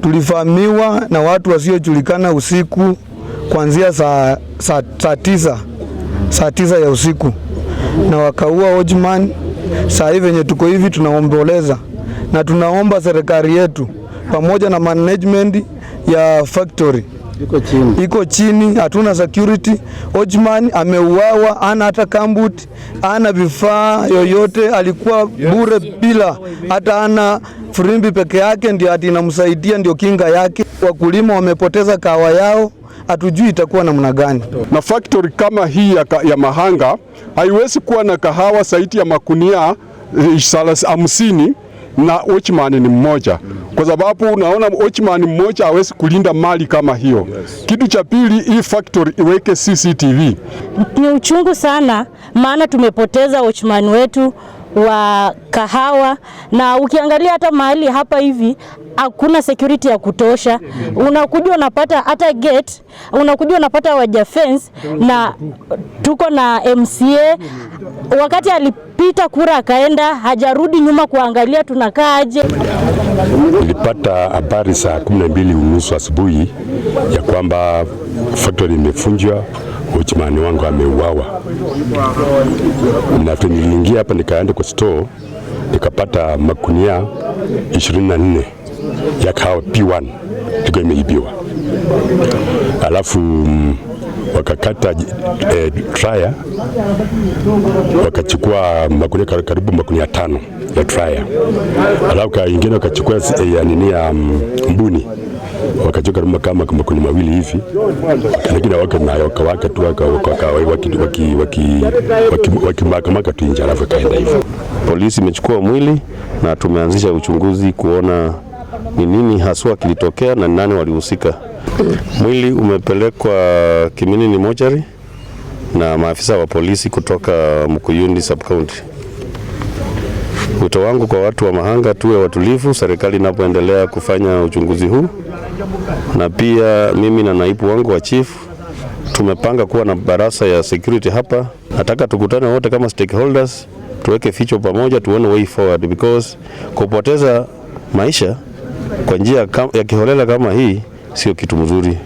Tulivamiwa na watu wasiojulikana usiku kuanzia saa, saa, saa tisa saa tisa ya usiku na wakaua Ojman. Saa hii venye tuko hivi tunaomboleza na tunaomba serikali yetu pamoja na management ya factory iko chini, iko chini, hatuna security. Ojman ameuawa, ana hata kambut ana vifaa yoyote, alikuwa bure bila hata, ana furimbi peke yake ndio ati inamsaidia, ndio kinga yake. Wakulima wamepoteza kahawa yao, hatujui itakuwa namna gani. Na factory kama hii ya, ya Mahanga haiwezi kuwa na kahawa zaidi ya makunia eh, hamsini na Ojman ni mmoja kwa sababu unaona watchman mmoja hawezi kulinda mali kama hiyo yes. Kitu cha pili, hii factory iweke CCTV. Ni uchungu sana, maana tumepoteza watchman wetu wa kahawa, na ukiangalia hata mahali hapa hivi hakuna security ya kutosha. Unakuja unapata hata gate, unakuja unapata waja fence, na tuko na MCA wakati alipita kura akaenda, hajarudi nyuma kuangalia tunakaaje. Nilipata habari saa kumi na mbili unusu asubuhi ya kwamba factory imefunjwa, uchimani wangu ameuawa, na niliingia hapa nikaenda kwa store nikapata makunia 24 ya kahawa P1 ilikuwa imeibiwa, alafu mm, wakakata e, eh, traya wakachukua makuni karibu ya tano ya traya, alafu kaingine wakachukua e, ya nini ya mm, mbuni wakachukua kama kama makuni mawili hivi, lakini waka na waka waka tu waka waka waki waki waki waki tu nje, alafu kaenda hivyo. Polisi imechukua mwili na tumeanzisha uchunguzi kuona ni nini haswa kilitokea na nani walihusika. Mwili umepelekwa Kiminini mochari na maafisa wa polisi kutoka Mkuyuni sub county. Wito wangu kwa watu wa Mahanga, tuwe watulivu serikali inapoendelea kufanya uchunguzi huu, na pia mimi na naibu wangu wa chief tumepanga kuwa na barasa ya security hapa. Nataka tukutane wote kama stakeholders, tuweke ficho pamoja, tuone way forward because kupoteza maisha kwa njia ya kiholela kama hii sio kitu mzuri.